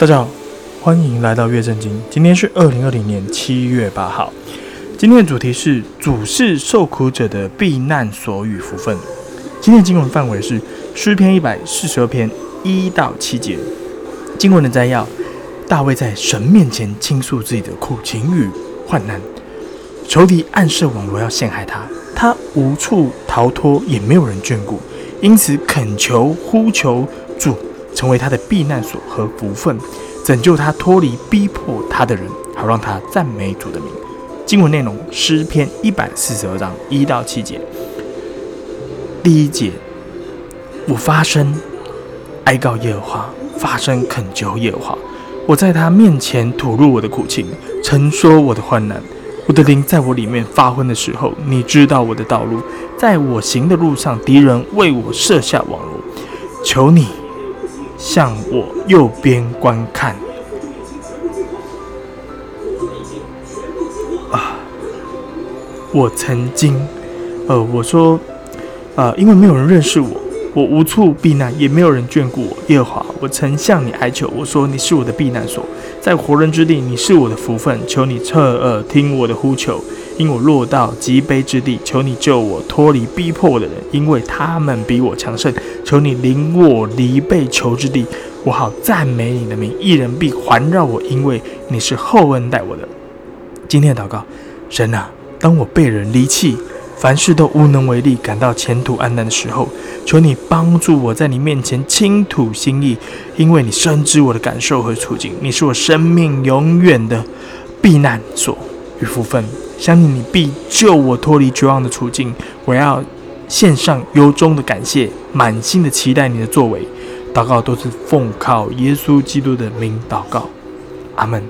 大家好，歡迎來到樂聖經。今天是二零二零年七月八號。今天的主題是主是受苦者的避難所與福分。今天的經文範圍是詩篇一百四十二篇一到七節。經文的摘要：大衛在神面前傾訴自己的苦情與患難，仇敵暗設網羅要陷害他，他無處逃脫，也沒有人眷顧，因此懇求呼求主。成為他的避難所和福分，拯救他脫離逼迫他的人，好讓他讚美主的名。經文內容：詩篇一百四十二章一到七節。第一節：我發聲哀告耶和華，發聲懇求耶和華。我在他面前吐露我的苦情，陳說我的患難。我的靈在我裡面發昏的時候，你知道我的道路。在我行的路上，敵人為我設下網羅，求你。向我右邊觀看。啊，我曾經，呃，我說，呃，因為沒有人認識我，我無處避難，也沒有人眷顧我。耶和華，我曾向你哀求，我說你是我的避難所，在活人之地，你是我的福分，求你側耳、呃、聽我的呼求。因我落到極卑之地，求你救我脫離逼迫的人，因為他們比我強盛。求你領我離被囚之地，我好讚美你的名。一人必環繞我，因為你是厚恩待我的。今天的禱告：神啊，當我被人離棄，凡事都無能為力，感到前途黯淡的時候，求你幫助我在你面前傾吐心意，因為你深知我的感受和處境。你是我生命永遠的避難所與福分。相信你必救我脫離絕望的處境，我要獻上由衷的感謝，滿心的期待你的作為。禱告都是奉靠耶穌基督的名禱告，阿門。